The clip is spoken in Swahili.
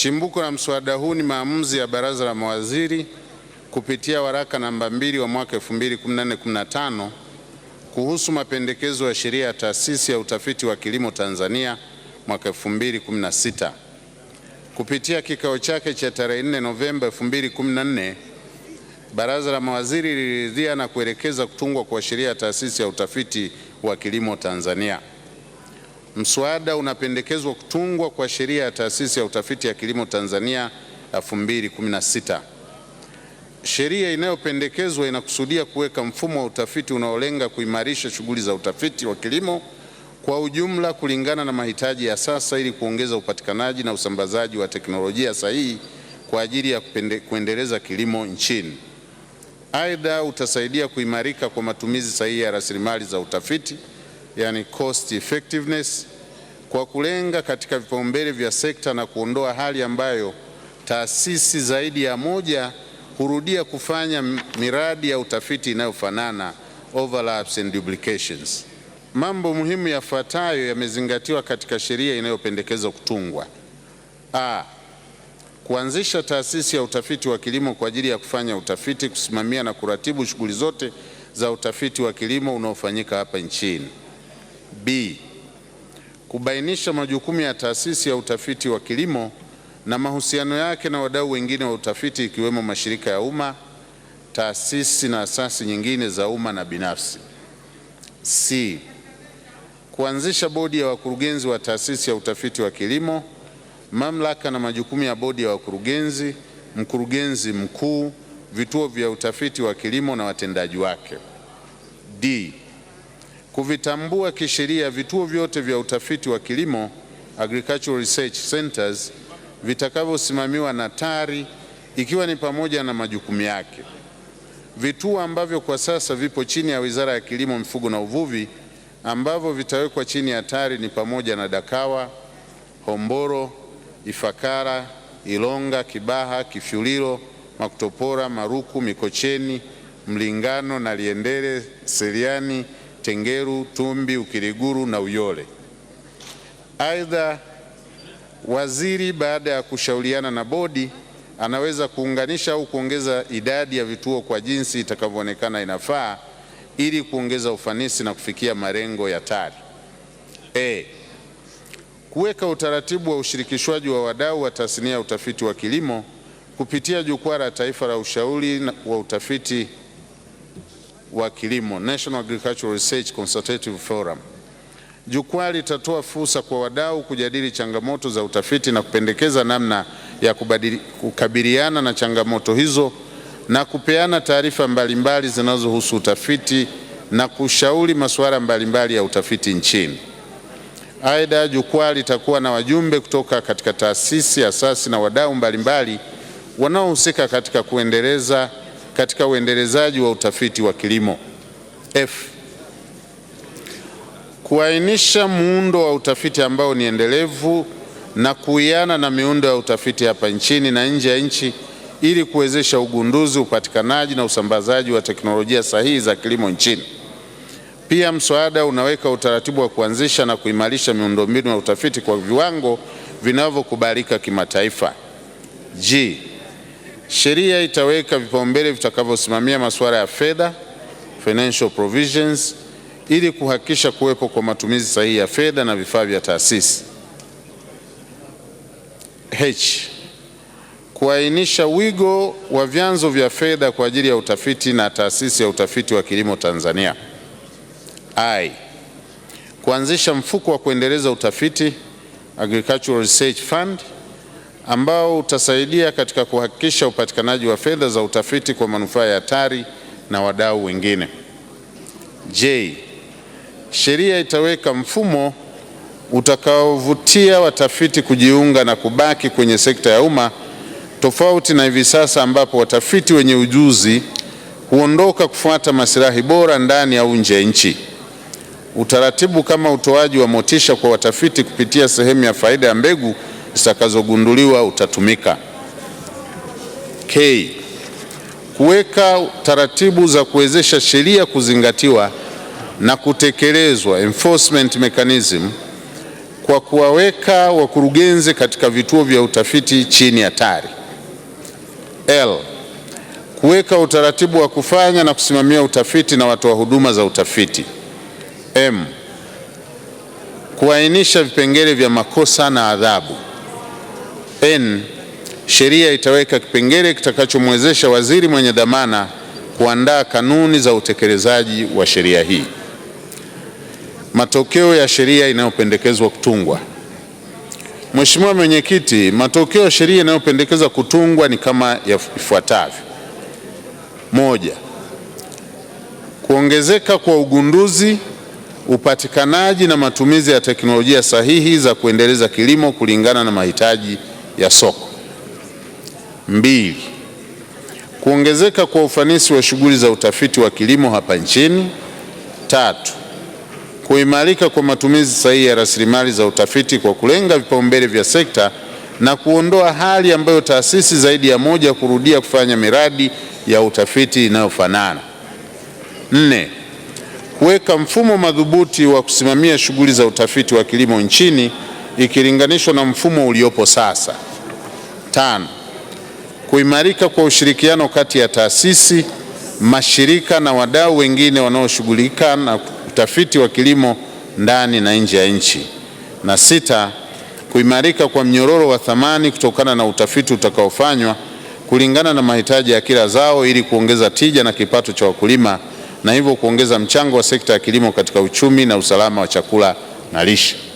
Chimbuko la mswada huu ni maamuzi ya baraza la mawaziri kupitia waraka namba 2 wa mwaka 2014/15 kuhusu mapendekezo ya sheria ya taasisi ya utafiti wa kilimo Tanzania mwaka 2016. Kupitia kikao chake cha tarehe 4 Novemba 2014, baraza la mawaziri liliridhia na kuelekeza kutungwa kwa sheria ya taasisi ya utafiti wa kilimo Tanzania. Mswada unapendekezwa kutungwa kwa sheria ya taasisi ya utafiti ya kilimo Tanzania 2016. Sheria inayopendekezwa inakusudia kuweka mfumo wa utafiti unaolenga kuimarisha shughuli za utafiti wa kilimo kwa ujumla kulingana na mahitaji ya sasa ili kuongeza upatikanaji na usambazaji wa teknolojia sahihi kwa ajili ya kuendeleza kilimo nchini. Aidha, utasaidia kuimarika kwa matumizi sahihi ya rasilimali za utafiti yani cost effectiveness, kwa kulenga katika vipaumbele vya sekta na kuondoa hali ambayo taasisi zaidi ya moja hurudia kufanya miradi ya utafiti inayofanana overlaps and duplications. Mambo muhimu yafuatayo yamezingatiwa katika sheria inayopendekezwa kutungwa: A, kuanzisha taasisi ya utafiti wa kilimo kwa ajili ya kufanya utafiti, kusimamia na kuratibu shughuli zote za utafiti wa kilimo unaofanyika hapa nchini. B, kubainisha majukumu ya taasisi ya utafiti wa kilimo na mahusiano yake na wadau wengine wa utafiti ikiwemo mashirika ya umma, taasisi na asasi nyingine za umma na binafsi. C, kuanzisha bodi ya wakurugenzi wa taasisi ya utafiti wa kilimo, mamlaka na majukumu ya bodi ya wakurugenzi, mkurugenzi mkuu, vituo vya utafiti wa kilimo na watendaji wake. D, kuvitambua kisheria vituo vyote vya utafiti wa kilimo agricultural research centers vitakavyosimamiwa na TARI ikiwa ni pamoja na majukumu yake. Vituo ambavyo kwa sasa vipo chini ya Wizara ya Kilimo, Mifugo na Uvuvi ambavyo vitawekwa chini ya TARI ni pamoja na Dakawa, homboro Ifakara, Ilonga, Kibaha, Kifyulilo, Makutopora, Maruku, Mikocheni, Mlingano, na liendere Seriani Tengeru, Tumbi, Ukiriguru na Uyole. Aidha, waziri baada ya kushauriana na bodi anaweza kuunganisha au kuongeza idadi ya vituo kwa jinsi itakavyoonekana inafaa ili kuongeza ufanisi na kufikia malengo ya TARI. E, kuweka utaratibu wa ushirikishwaji wa wadau wa tasnia ya utafiti wa kilimo kupitia jukwaa la taifa la ushauri wa utafiti wa kilimo National Agricultural Research Consultative Forum. Jukwaa litatoa fursa kwa wadau kujadili changamoto za utafiti na kupendekeza namna ya kubadili, kukabiliana na changamoto hizo na kupeana taarifa mbalimbali zinazohusu utafiti na kushauri masuala mbalimbali ya utafiti nchini. Aidha, jukwaa litakuwa na wajumbe kutoka katika taasisi, asasi na wadau mbalimbali wanaohusika katika kuendeleza katika uendelezaji wa utafiti wa kilimo. F. Kuainisha muundo wa utafiti ambao ni endelevu na kuiana na miundo ya utafiti hapa nchini na nje ya nchi ili kuwezesha ugunduzi, upatikanaji na usambazaji wa teknolojia sahihi za kilimo nchini. Pia mswada unaweka utaratibu wa kuanzisha na kuimarisha miundombinu ya utafiti kwa viwango vinavyokubalika kimataifa. G. Sheria itaweka vipaumbele vitakavyosimamia masuala ya fedha, financial provisions, ili kuhakikisha kuwepo kwa matumizi sahihi ya fedha na vifaa vya taasisi. H. Kuainisha wigo wa vyanzo vya fedha kwa ajili ya utafiti na taasisi ya utafiti wa kilimo Tanzania. I. Kuanzisha mfuko wa kuendeleza utafiti, Agricultural Research Fund ambao utasaidia katika kuhakikisha upatikanaji wa fedha za utafiti kwa manufaa ya TARI na wadau wengine. J, sheria itaweka mfumo utakaovutia watafiti kujiunga na kubaki kwenye sekta ya umma tofauti na hivi sasa ambapo watafiti wenye ujuzi huondoka kufuata masilahi bora ndani au nje ya nchi. Utaratibu kama utoaji wa motisha kwa watafiti kupitia sehemu ya faida ya mbegu zitakazogunduliwa utatumika. K, kuweka taratibu za kuwezesha sheria kuzingatiwa na kutekelezwa, enforcement mechanism, kwa kuwaweka wakurugenzi katika vituo vya utafiti chini ya TARI. L, kuweka utaratibu wa kufanya na kusimamia utafiti na watoa huduma za utafiti. M, kuainisha vipengele vya makosa na adhabu. N, sheria itaweka kipengele kitakachomwezesha waziri mwenye dhamana kuandaa kanuni za utekelezaji wa sheria hii. Matokeo ya sheria inayopendekezwa kutungwa. Mheshimiwa Mwenyekiti, matokeo ya sheria inayopendekezwa kutungwa ni kama ifuatavyo: moja, kuongezeka kwa ugunduzi, upatikanaji na matumizi ya teknolojia sahihi za kuendeleza kilimo kulingana na mahitaji ya soko. Mbili, kuongezeka kwa ufanisi wa shughuli za utafiti wa kilimo hapa nchini. Tatu, kuimarika kwa matumizi sahihi ya rasilimali za utafiti kwa kulenga vipaumbele vya sekta na kuondoa hali ambayo taasisi zaidi ya moja kurudia kufanya miradi ya utafiti inayofanana. Nne, kuweka mfumo madhubuti wa kusimamia shughuli za utafiti wa kilimo nchini ikilinganishwa na mfumo uliopo sasa. Tano, kuimarika kwa ushirikiano kati ya taasisi, mashirika na wadau wengine wanaoshughulika na utafiti wa kilimo ndani na nje ya nchi. Na sita, kuimarika kwa mnyororo wa thamani kutokana na utafiti utakaofanywa kulingana na mahitaji ya kila zao ili kuongeza tija na kipato cha wakulima na hivyo kuongeza mchango wa sekta ya kilimo katika uchumi na usalama wa chakula na lishe.